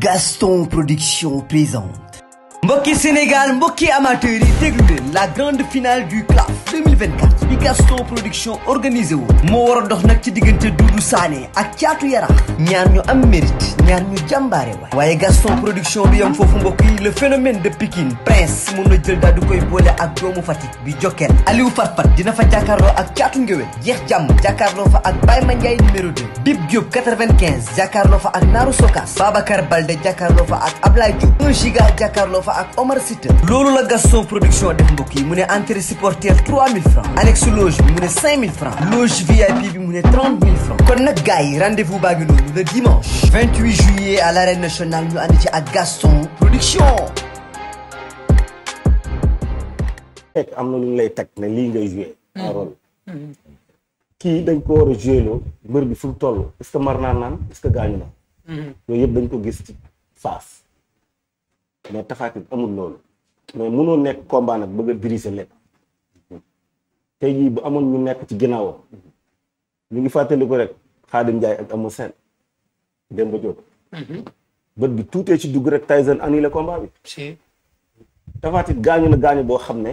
Gaston Production présente mbokki Sénégal mbokki amateurs yi déglu la grande finale du CLAF 2024 bi Gaston production organisé wu moo war a dox nag ci diggante Doudou Sané ak Caatu Yaraax ñaar ñu am mérite ñaar ñu jàmbaare waaye Gaston production bi yam foofu mbokk yi la phénomène de Pikine Prince moom la jël daal di koy boole ak doomu Fatick bi Jokkel Aliou Fatfat dina fa jàkkaarloo ak Caatu Ngéwél jeex jàmm jàkkaarloo fa ak Baye Mandiaye numéro 2 Bib Diop 95 fa ak Naaru Sokas Babacar Balde jàkkaarloo fa ak Ablaye Diop 1 giga jàkkaarloo fa ak Omar la Gaston production def mbokk yi mu ne entrée francs annexe loge bi mu ne bi mu ne kon nag gars yi rendez-vous baa ngi noonu dimanche 28 juillet à l'arène nationale ñu ànd ci ak Gaston production am na lu lay teg ne lii ngay mm. Mm. kii dañ ko war a joué loo mbër bi fu mu toll est-ce que mar naa naan est-ce que yooyu mm. yëpp dañ ko gis ci face mais Tapha Tine amul loolu mais mënoo nekk combat nag bëgg a tey jii bu amoon ñu nekk ci ginnaawam ñu ngi fàttaliku rek Xaadim Njaay ak Ama Sène dem ba jóg mhm. bët bi tuutee ci dugg rek Tyson annulé combat bi. si gaañu na gaañu boo xam ne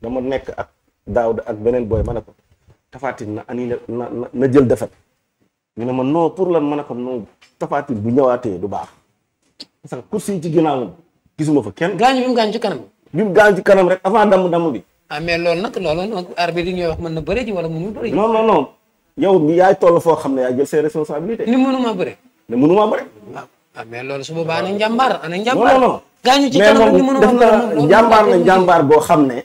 dama nekk ak Daawda ak beneen booy ma ko tafaatit na annulé na na jël defet ñu ne ma non pour lan ma ne ko non tafaatit bu ñëwaatee du baax parce que course yi ci ginnaawam gisuma fa kenn. gaañu bi mu gaañ ci kanam. bi mu gaañ ci kanam rek avant damm damm bi. ah mais loolu nag loolu nag yi ñooy wax man na bëre ji wala mënul bëre ji. non non non yow yaay toll foo xam ne yaa jël say responsabilité. ni mënuma bëre. ni mënuma bëre. waaw ah, ah, loolu su boobaa ana njàmbaar ana njàmbaar. non non gaañu ci kanam ni mënuma bëre moom na njàmbaar boo xam ne.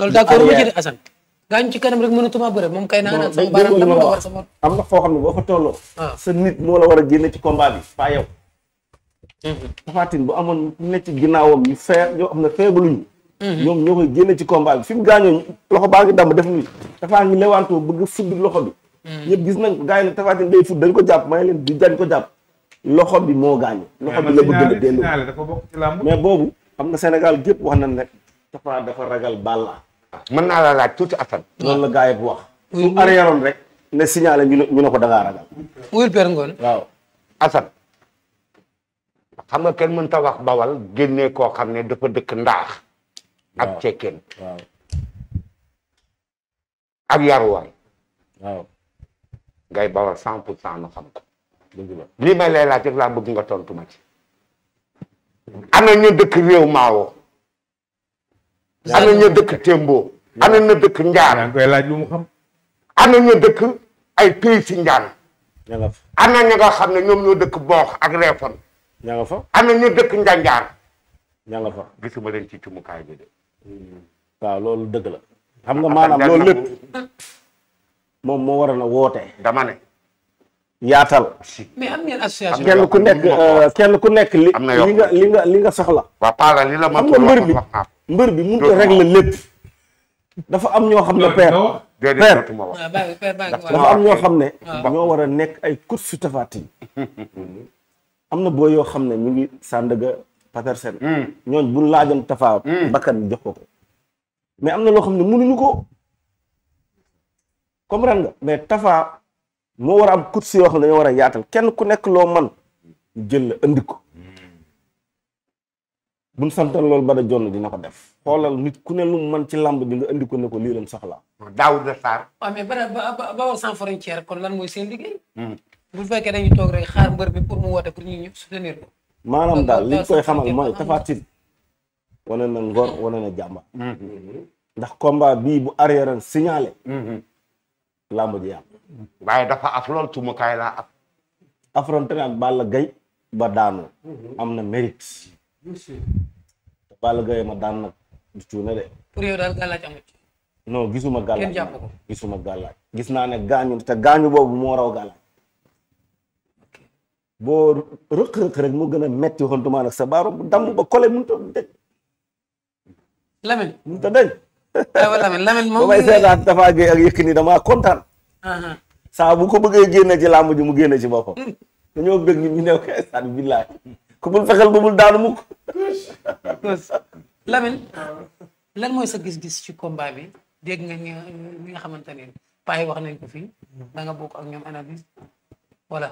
loolu d'accord ma jël ci kanam rek mënatuma bëre moom kay naa naan sama baaraam dama am na foo xam ne boo fa tolloo. Ah. sa nit moo la war a génne ci combat bi pas yow. Mhm. Tapha Tine bu amoon ne ci ginnaawam ñu feer yoo xam ne feebaluñu Mhm. ñoom ñoo koy génne ci combat bi fi mu gaañoo loxo baa ngi damm def nii Tapha ngi lewantoo bëgg fudd loxo bi mhm. ñëpp gis nañ ko gars yi ne dañ ko jàpp may leen di dañ ko jàpp loxo bi moo gaañu loxo bi la bëgg a mais boobu xam nga Sénégal gépp wax nañ rek Tapha dafa ragal Balla mën naa la laaj tuuti Assane loolu la gars yi bu wax su arrièreoon rek ne signalé ñu ne ñu ne ko da ngaa ragal waaw Assane xam nga kenn mën ta wax bawal génne koo xam ne dafa dëkk ndaax ak cekkeen ak yaruwaay waaw ngay bawal cent pour cent nu xam ko lii may lay laaj rek laa bëgg nga tontu ma ci ana ñu dëkk réew maawo ana ñu dëkk témboo ana ñu dëkk njaan koy laaj lu mu ana ñu dëkk ay pays si njaan ana ña nga xam ne dëkk boox ak reefon ña nga fa ana ñu dëkk njanjaar ña nga fa gisuma leen ci cumukaay bi de waaw loolu dëgg la. xam nga maanaam loolu lépp moom moo waroon a woote. dama ne. yaatal. mais am kenn ku nekk euh, kenn ku nekk li li nga li li nga soxla. la ma xam nga mbër bi mbër bi mënut a régler lépp. dafa am ñoo xam ne père. père ah, dafa am ñoo xam ne. ñoo war a nekk ay course su am na boo yoo xam ne ñu ngi Sandaga Patterson. Mm. ñooñ bu ñu laajoon Tapha. Mm. bakkan jox ko ko. mais am na loo xam ne mënuñu ko. comme comprendre nga mais Tapha moo war a am course si xam ne dañoo war a yaatal kenn ku nekk loo man jël la andi ko. bu ñu santoon loolu ba da jonn dina ko def. xoolal nit ku ne lu man ci lamb bi nga andi ko ne ko lii lañ soxla. Daouda Sarr. waaw mais ba ba ba sans frontière kon lan mooy seen liggéey. Mm. bu fekkee dañuy toog rek xaar mbër bi pour mu woote pour ñu ñëpp soutenir ko. maanaam daal liñ koy xamal mooy Tapha Tine wane na ngor mm-hmm. wane na jàmba mm-hmm. ndax combat bii bu arrière an signalé mm-hmm. làmb ji yàq waaye dafa af lool tumukaay laa af ba daanu am na mérite te Gaye ma daan nag du cuune de pour gisuma gàllaaj gis naa ne gaañu te gaañu boobu moo raw gàllaaj boo rëq-rëq rek mu gën a metti xontumaa nag sa baaroom damm ba kole mënu ta deñ lamin mënu ta deñ lamin lamin moom may seetaan dafaa géey ak yëkk ni damaa kontaan uh-huh. saa bu ko bëggee génne ci làmb ji mu génne ci boppam mm. dañoo bëgg ñu ñu new ke sat billaay ku bul fexeel ba bul daanu mukk lamin lan mooy sa gis-gis ci combat bi dégg nga ñi nga xamante ne paa yi wax nañ ko fii mm. da nga bokk ak ñoom analyse voilà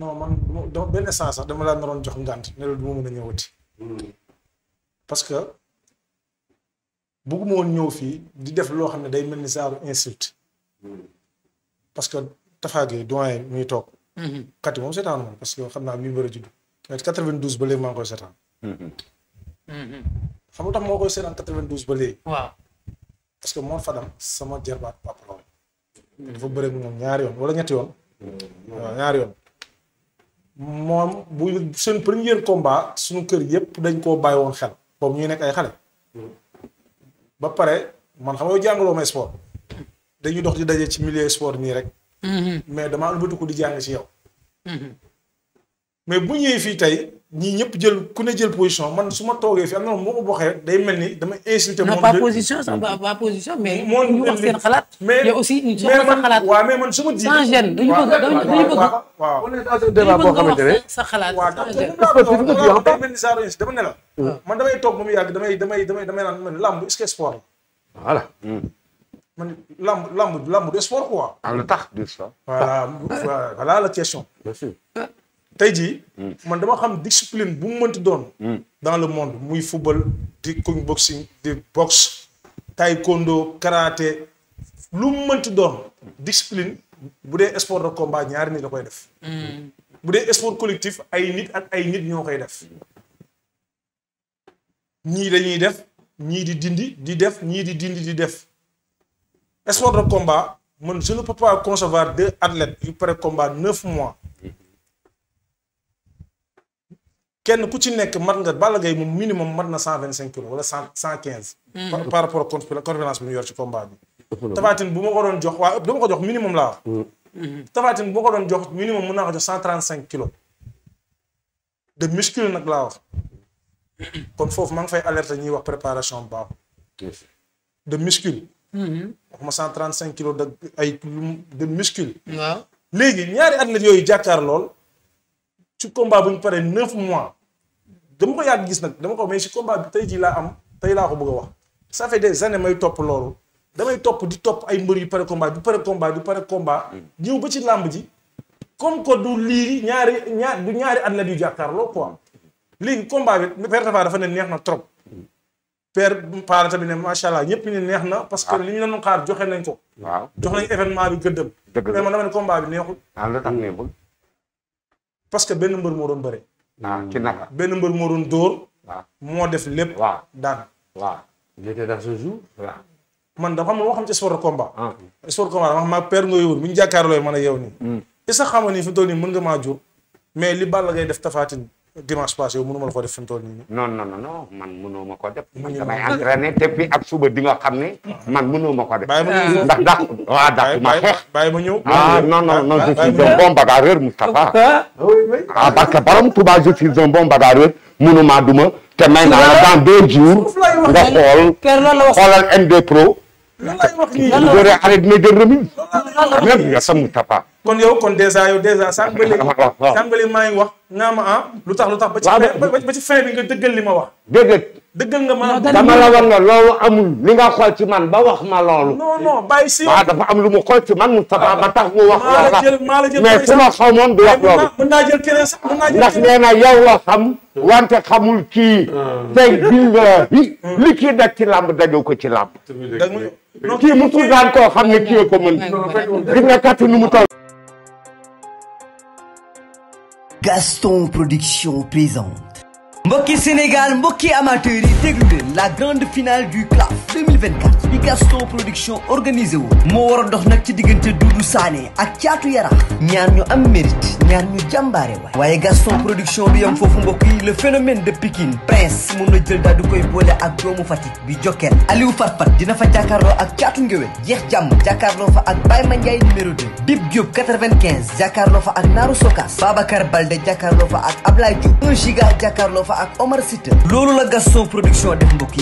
non man dama benn instant sax dama laa naroon jox ngànt ne la du ma mën a ñëwati. parce que bëgguma woon ñëw fii di def loo xam ne day mel ni saaru insulte. parce que Tafa Gueye doyen mi toog. Mhm. kati moom seetaan moom parce que xam naa bii war a judd. mais ba léegi maa koy seetaan. Mhm. xam nga tax moo koy seetaan 92 ba léegi. waaw parce que Mor Fadam sama jarbaat papa la woon. dafa bëri moom ñaari yoon wala ñetti yoon. Mhm. waaw ñaari yoon. moom bu seen premier combat suñu kër yëpp dañ koo bàyyi woon xel boobu ñuy nekk ay xale. ba pare man xam nga jàngaloo may sport dañuy dox di daje ci milieu sport nii rek. Mm-hmm. mais damaa ëlbatiku di jàng ci yow. Mm-hmm. mais bu ñëwee fii tey ñii ñëpp jël ku ne jël position man su ma toogee fii am na moo ko boxee day mel ni dama insulté. moom pas position sax pas position mais. ñu xalaat. mais yow aussi ñu soxla sa xalaat. waaw mais man su ma. sans gêne dañu bëgg boo xamante ne. sa xalaat sans gêne. waaw saa dama ne mm. man damay toog ba mu yàgg damay damay damay damay naan ma est-ce que sport la. voilà. Mm. man lamb lamb lamb de sport quoi. Ah, lu tax du sport. voilà la question. tey jii. Hmm. man dama xam discipline bu mu mënti doon. Hmm. dans le monde muy football di kung boxing di boxe taekwondo karaté lu mu mënti doon discipline bu dee sport de combat ñaari nit da koy def. Hmm. bu dee sport collectif ay nit ak ay nit ñoo koy def. ñii dañuy def ñii di dindi di def ñii di dindi di def sport de combat man sunu ne peux pas concevoir deux athlètes yu pare combat neuf mois kenn ku ci nekk mat nga Balla Gaye moom minimum mat na cent vingt cinq kilos wala cent cent quinze. Hmm. par rapport ak confiance bi mu yor ci combat bi. Tapha bu ma ko doon jox waa ëpp du ma ko jox minimum laa wax. Hmm. Hmm. Tapha bu ma ko doon jox minimum mën naa ko jox cent trente cinq kilos. de muscle nag laa wax. kon foofu maa ngi fay alerte ñuy wax préparation baaxul. de muscle. waxuma cent trente cinq kilos de ay de muscle. waaw léegi ñaari athlètes yooyu jàkkaar lool. ci combat bu ñu paree neuf mois dama ko yaat gis nag dama ko mais ci combat bi tey jii laa am tey laa ko bëgg a wax sa fait des années may topp loolu damay topp di topp ay mbër yu pare combat du pare combat du pare combat. ñëw ci làmb ji comme que du lii ñaari ñaar du ñaari at la di jàkkaarloo quoi léegi combat bi père Tapha dafa ne neex na trop. père Paara tamit ne macha allah ñëpp ñu neex na. parce que ah. li ñu xaar joxe nañ ko. waaw jox nañ événement bi gëddëm. dëgg la mais man dama ne combat bi neexul. ah neexul. parce que benn mbër moo doon bëre. ah ci naka. benn mbër moo doon dóor. moo def lépp. waaw daan waaw. j'étais dans ce jour waaw. man dafa am lu ma xam ci sport de combat. Ah. sport de combat dama xam maa père nga yóbbu bu ñu jàkkaarloo mën a yow nii. Hmm. est-ce que xam nga ni fi mu toll nii mën nga maa jur mais li Balla Gaye def Tapha Tine dimanche passé yow mënu ma la ko def fi mu toll nii. man mënoo ma ko def. man damay entraîné te fii ak suba di nga xam ne. Ah. man mënoo ma ko def. bàyyi ma ñëw ndax dàq. waaw dàq ma xeex. bàyyi ma ñëw ah non non non ah, je suis un bon bagarreur Moustapha. ah parce que duma te a naa dans deux jours nga xool xoolal Pro. góor a arrêté de remis même nga samu tapa kon yow kon dèjà yow dèjà sànq ba léegi sànq ba léegi maa ngi wax nga ma ah, lu tax lu tax ba ci ba ci fin bi nga dëggal li ma wax dëgg dëggal nga maanaam dama la war loolu amul li nga xool ci man ba wax ma loolu. bàyyi si waaw ah, dafa am lu mu xool ci man Moustapha ah, ba tax mu wax. maa la jël maa la su ma xamoon du wax loolu. mën naa jël keneen sax mën naa jël ndax nee wante xamul kii. Ah. tey billahi li kii daj ci làmb ko ci làmb. kii musul daan koo xam ne kii ko mën. gis nga kàtt nu mu taw. mbokki Sénégal mbokki amateur yi déglu la grande finale du CLAF 2024 bi Gaston production organisé wu moo war a dox nag ci diggante Doudou Sané ak Caatu Yarax ñaar ñu am mérite ñaar ñu jàmbaare waaye Gaston production bi yam foofu mbokk yi la phénomène de Pikine Prince moom la jël daal di koy boole ak doomu Fatick bi Jokkel Aliou Fatfat dina fa jàkkaarloo ak Caatu Ngéwél jeex jàmm jàkkaarloo fa ak Baye Mandiaye numéro 2 Bib Diop 95 jàkkaarloo fa ak Naaru Sokas Babacar Balde jàkkaarloo fa ak Ablaye Diop 1 giga jàkkaarloo fa ak Omar loolu la Gaston production def mbokk yi